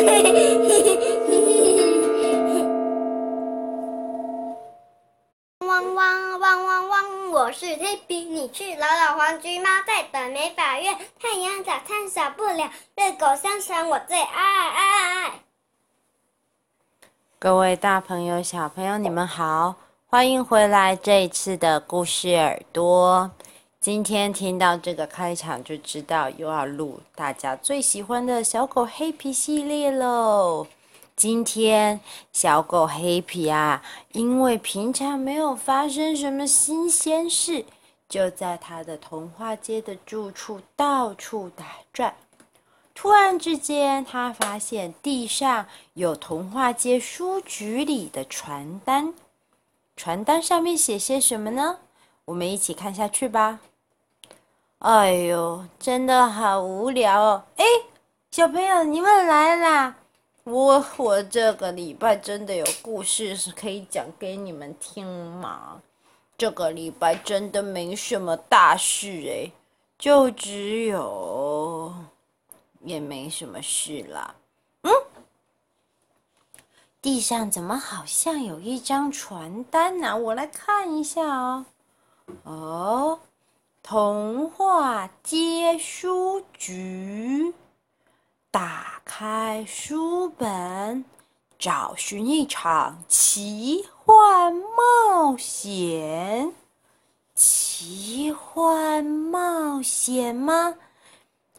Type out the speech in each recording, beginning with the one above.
汪汪汪汪汪，汪！我是 T B，你是老老黃雞嗎？在本沒法約。太陽早餐少不了，熱狗香腸我最愛，愛。各位大朋友、小朋友，你們好，歡迎回來！這一次的故事耳朵。今天聽到這個開場就知道又要錄大家最喜歡的小狗黑皮系列嘍。今天小狗黑皮啊，因為平常沒有發生什麼新鮮事，就在他的童話街的住處到處打轉。突然之間，他發現地上有童話街書局裡的傳單，傳單上面寫些什麼呢？我們一起看下去吧！哎呦，真的好無聊哦！哎，小朋友，你們來啦！我我這個禮拜真的有故事可以講給你們聽嗎？這個禮拜真的沒什麼大事誒，就只有，也沒什麼事啦。嗯，地上怎麼好像有一張傳單呢？啊？我來看一下哦。哦。童話街書局，打開書本，找尋一場奇幻冒險。奇幻冒險嗎？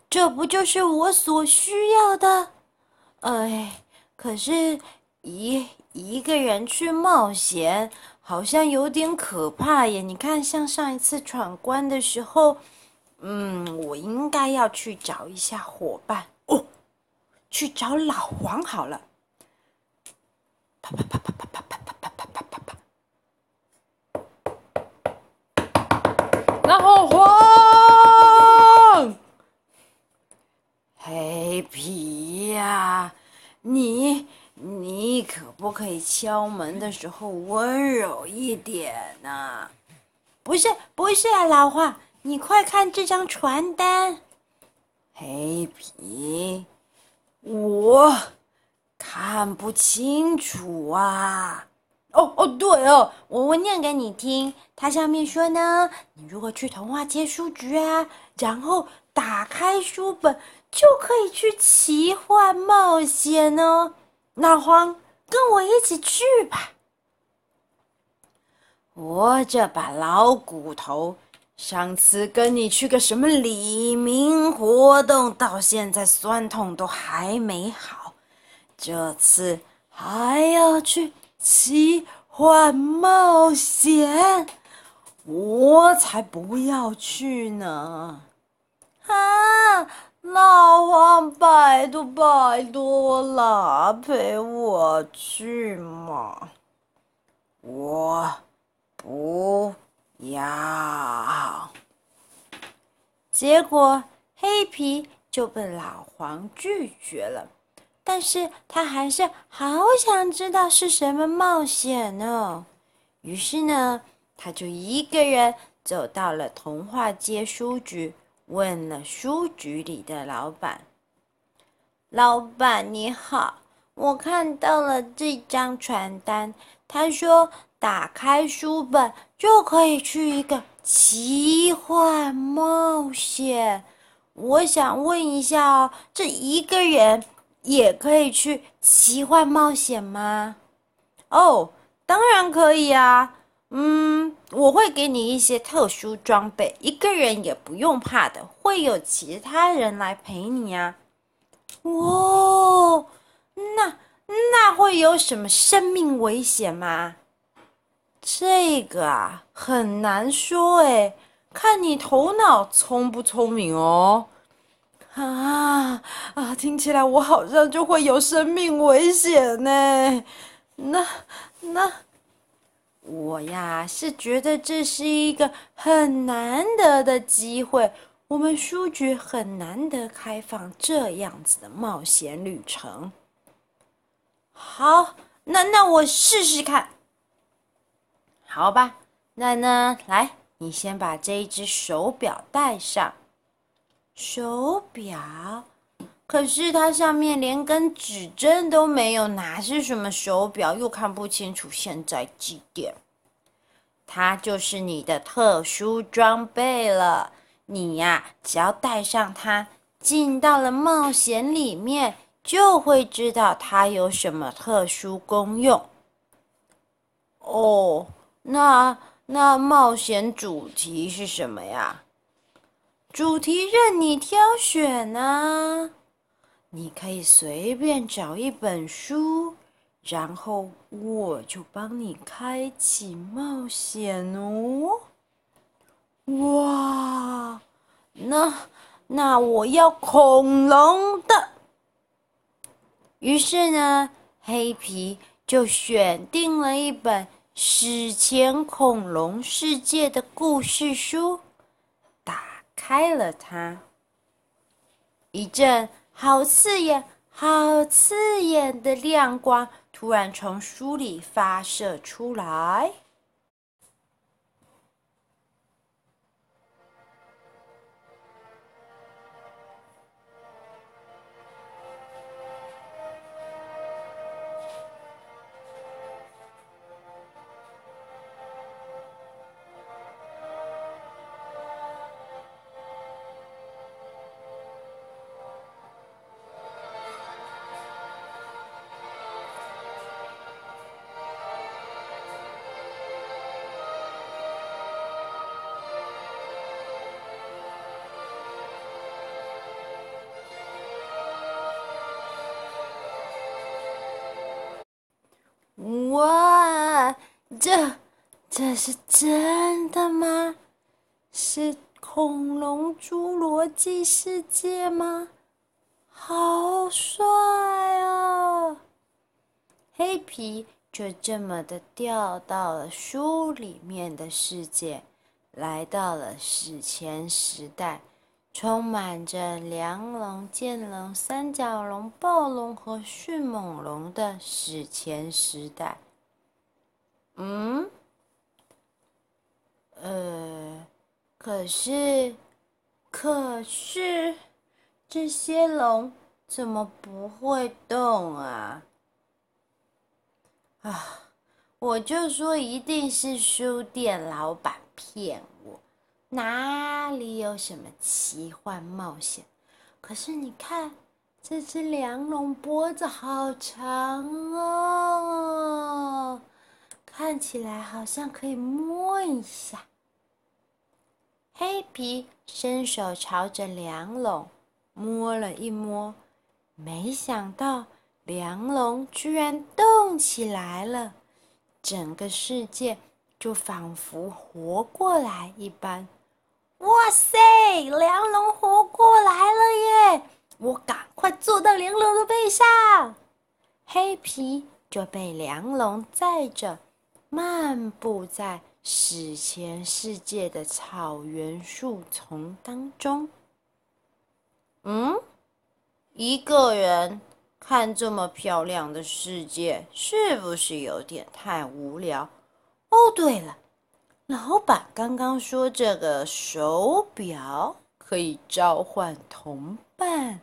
這不就是我所需要的？哎，可是一一個人去冒險。好像有點可怕耶！你看，像上一次闖關的時候，嗯，我應該要去找一下夥伴哦，去找老黃好了。啪啪啪啪啪啪啪啪啪啪啪啪。然後黃，黑皮呀、啊，你。你可不可以敲門的時候溫柔一點呢？不是，不是啊，老話你快看這張傳單。黑皮，我看不清楚啊。哦哦，對哦，我我念給你聽。它上面說呢，你如果去童話街書局啊，然後打開書本，就可以去奇幻冒險哦。大荒，跟我一起去吧。我這把老骨頭，上次跟你去個什麼李明活動，到現在酸痛都還沒好。這次還要去奇幻冒險，我才不要去呢！啊！老黃，拜託拜託了，陪我去嘛！我不要。結果黑皮就被老黃拒絕了，但是他還是好想知道是什麼冒險呢，哦。於是呢，他就一個人走到了童話街書局。問了書局裡的老闆，老闆你好，我看到了這張傳單，他說打開書本就可以去一個奇幻冒險。我想問一下哦，這一個人也可以去奇幻冒險嗎？哦，當然可以啊。嗯，我會給你一些特殊裝備，一個人也不用怕的，會有其他人來陪你啊。哦，那那會有什麼生命危險嗎？這個啊，很難說誒，看你頭腦聰不聰明哦。啊啊，聽起來我好像就會有生命危險誒。那那。我呀，是覺得這是一個很難得的機會。我們書局很難得開放這樣子的冒險旅程。好，那那我試試看。好吧，那呢？來，你先把這一隻手表戴上。手表。可是它上面連根指針都沒有拿，哪是什麼手錶？又看不清楚現在幾點？它就是你的特殊裝備了。你呀、啊，只要戴上它，進到了冒險裡面，就會知道它有什麼特殊功用。哦，那那冒險主題是什麼呀？主題任你挑選呢、啊。你可以隨便找一本書，然後我就幫你開啟冒險哦。哇，那那我要恐龍的。於是呢，黑皮就選定了一本《史前恐龍世界》的故事書，打開了它。一陣。好刺眼，好刺眼的亮光突然從書裡發射出來。這是真的嗎？是恐龍《侏羅紀世界》嗎？好帥哦！黑皮就這麼的掉到了書裡面的世界，來到了史前時代，充滿着梁龍、劍龍、三角龍、暴龍和迅猛龍的史前時代。嗯。呃，可是，可是這些龍怎麼不會動啊？啊，我就說一定是書店老板騙我，哪裡有什麼奇幻冒險？可是你看，這隻梁龍脖子好長哦，看起來好像可以摸一下。黑皮伸手朝着梁龍摸了一摸，沒想到梁龍居然動起來了，整個世界就仿佛活過來一般。哇塞，梁龍活過來了耶！我趕快坐到梁龍的背上，黑皮就被梁龍載着，漫步在史前世界的草原樹叢當中，嗯，一個人看這麼漂亮的世界，是不是有點太無聊？哦，對了，老闆剛剛說這個手表可以召喚同伴。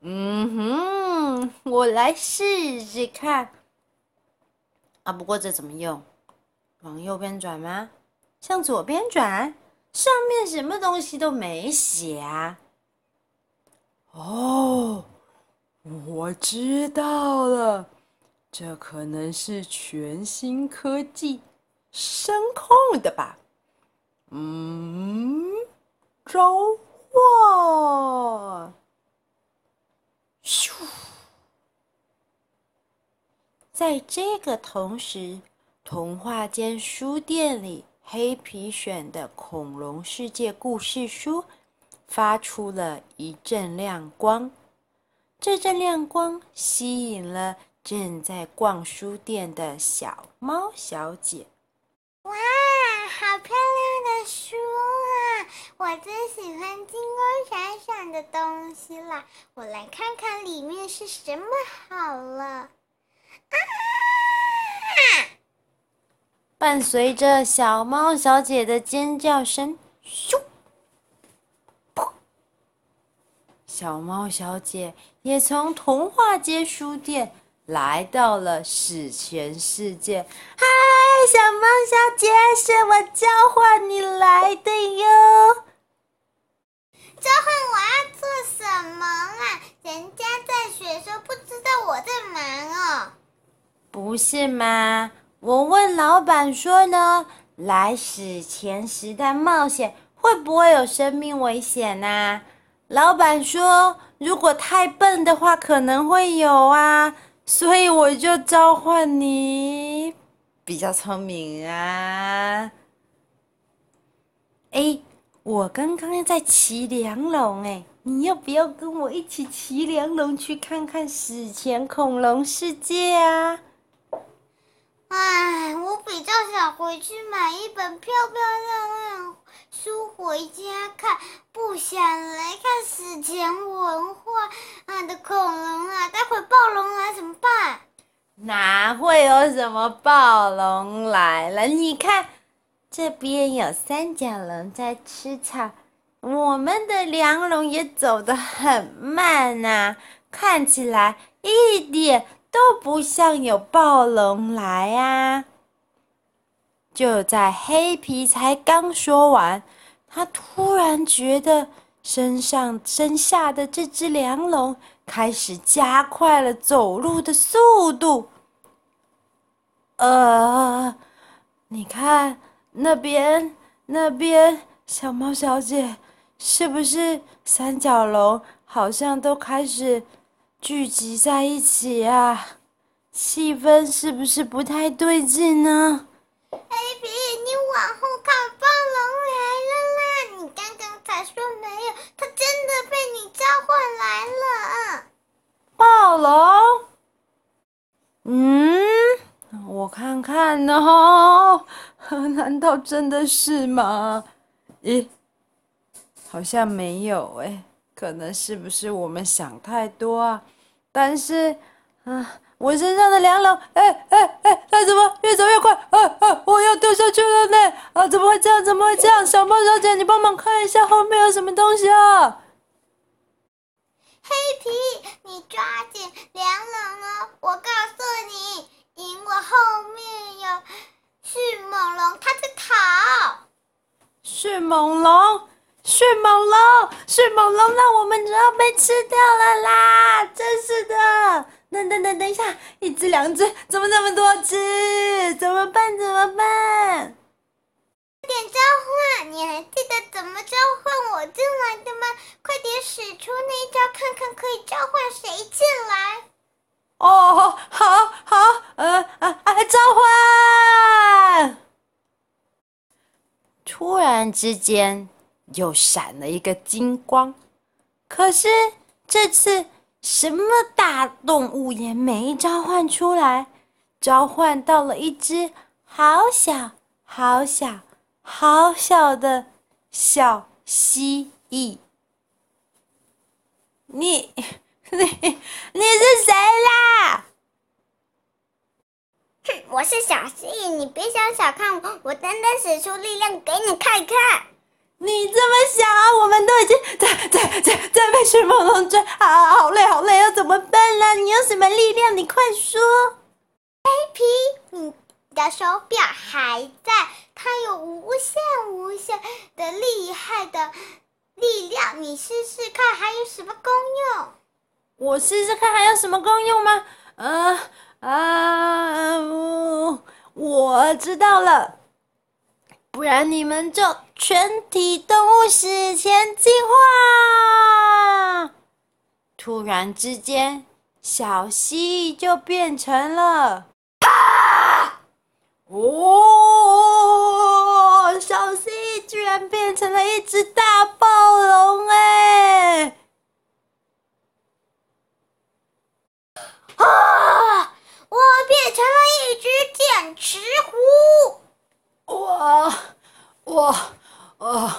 嗯哼，我來試試看。啊，不過這怎麼用？往右邊轉嗎？向左邊轉。上面什麼東西都沒寫啊。哦，我知道了，這可能是全新科技聲控的吧。嗯，召喚。咻，在這個同時。童話街書店裡，黑皮選的《恐龍世界》故事書發出了一陣亮光。這陣亮光吸引了正在逛書店的小貓小姐。哇，好漂亮的書啊！我最喜歡金光閃閃的東西了。我來看看裡面是什麼好了。啊！伴隨着小貓小姐的尖叫聲，咻！砰！小貓小姐也從童話街書店來到了史前世界。嗨，小貓小姐，是我召喚你來的喲。召喚我要做什麼啊？人家在選書，不知道我在忙哦。不是嗎？我問老闆說呢，來史前時代冒險，會不會有生命危險啊？老闆說，如果太笨的話，可能會有啊。所以我就召喚你，比較聰明啊。哎，我剛剛在騎梁龍哎，你要不要跟我一起騎梁龍去看看史前恐龍世界啊？哎，我比較想回去買一本漂漂亮亮書回家看，不想來看史前文化啊的恐龍啊。待會暴龍來怎麼辦？哪會有什麼暴龍來了？你看，這邊有三角龍在吃草，我們的梁龍也走得很慢啊，看起來一點都不像有暴龍來啊！就在黑皮才剛說完，他突然覺得身上身下的這隻梁龍開始加快了走路的速度。呃，你看那邊，那邊小貓小姐是不是三角龍？好像都開始。聚集在一起啊，氣氛是不是不太對勁呢？黑皮，、欸、你往後看，暴龍來了啦！你剛剛才說沒有，他真的被你召喚來了。暴龍？嗯，我看看呢、哦、哈，難道真的是嗎？咦，好像沒有哎、欸，可能是不是我們想太多啊？但是，啊，我身上的梁龍，哎哎哎，它、哎、怎麼越走越快？啊、哎、啊、哎，我要掉下去了呢！啊，怎麼會這樣？怎麼會這樣？小貓小姐，你幫忙看一下後面有什麼東西啊！黑皮，你抓緊梁龍哦！我告訴你，因為後面有迅猛龍，它在跑，迅猛龍。迅猛龍，迅猛龍，那我們就要被吃掉了啦！真是的，等等等等一下，一隻兩隻，怎麼那麼多隻？怎麼辦？怎麼辦？快點召喚！你還記得怎麼召喚我進來的嗎？快點使出那一招，看看可以召喚誰進來。哦，好，好，好呃，哎、啊，召喚！突然之間。又閃了一個金光，可是這次什麼大動物也沒召喚出來，召喚到了一隻好小好小好小的小蜥蜴。你，你你是誰啦？哼，我是小蜥蜴，你別想小、小看我，我等等使出力量給你看一看。你這麼小、啊，我們都已經在在在在被迅猛龍追，啊、好累好累，要怎麼辦呢、啊？你有什麼力量？你快說，Happy 你的手表還在，它有無限無限的厲害的力量，你試試看還有什麼功用？我試試看還有什麼功用嗎？嗯、呃、啊、呃，我知道了。不然你們就全體動物史前進化！突然之間，小蜥蜴就變成了啊！哦，小蜥蜴居然變成了一隻大暴龍哎、欸！啊，我變成了一隻劍齒虎！我，我，我，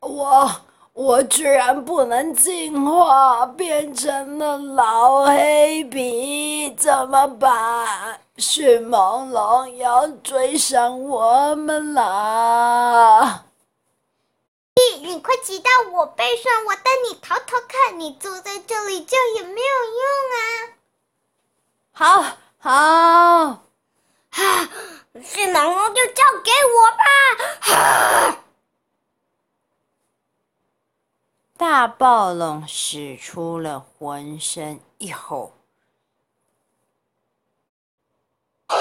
我，我居然不能進化，變成了老黑皮，怎麼辦？迅猛龍要追上我們了！你快騎到我背上，我帶你逃逃看。你坐在這裡叫也沒有用啊！好好好。 是狼王，就交給我吧！啊、大暴龍使出了渾身一吼，啊、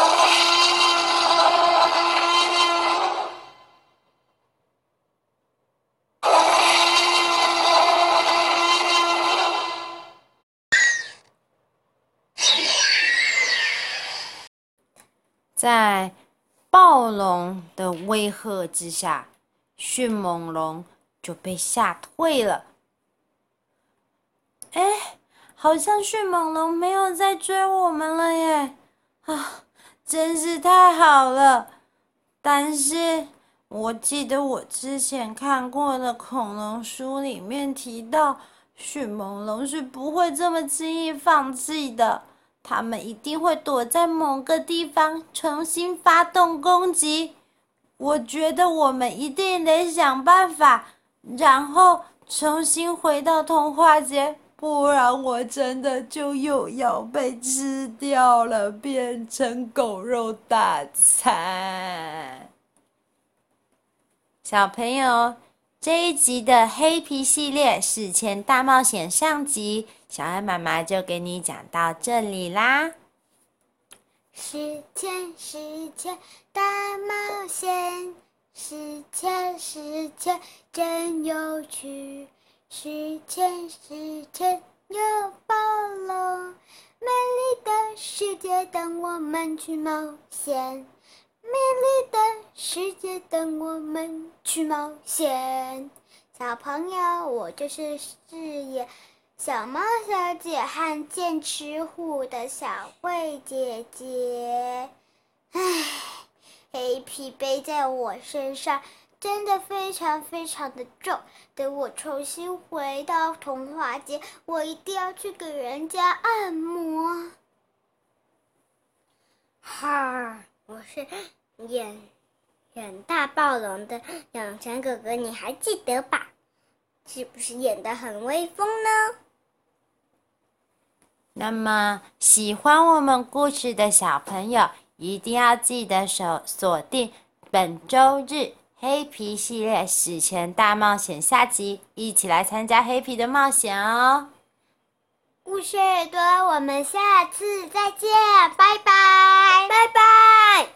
在。暴龍的威嚇之下，迅猛龍就被嚇退了。哎、欸，好像迅猛龍沒有再追我們了耶！啊，真是太好了。但是，我記得我之前看過的恐龍書裡面提到，迅猛龍是不會這麼輕易放棄的。他們一定會躲在某個地方重新發動攻擊，我覺得我們一定得想辦法，然後重新回到童話街，不然我真的就又要被吃掉了，變成狗肉大餐。小朋友。這一集的《黑皮系列史前大冒險》上集，小安媽媽就給你講到這裡啦。史前史前大冒險，史前史前真有趣，史前史前有暴龍，美麗的世界等我們去冒險。美麗的世界等我們去冒險。小朋友，我就是飾演小貓小姐和劍齒虎的小慧姐姐。唉，黑皮背在我身上，真的非常非常的重。等我重新回到童話街，我一定要去給人家按摩。哈，我是。演演大暴龍的養成哥哥，你還記得吧？是不是演得很威風呢？那麼喜歡我們故事的小朋友，一定要記得鎖鎖定本週日黑皮系列《史前大冒險》下集，一起來參加黑皮的冒險哦！故事多，我們下次再見，拜拜，拜拜。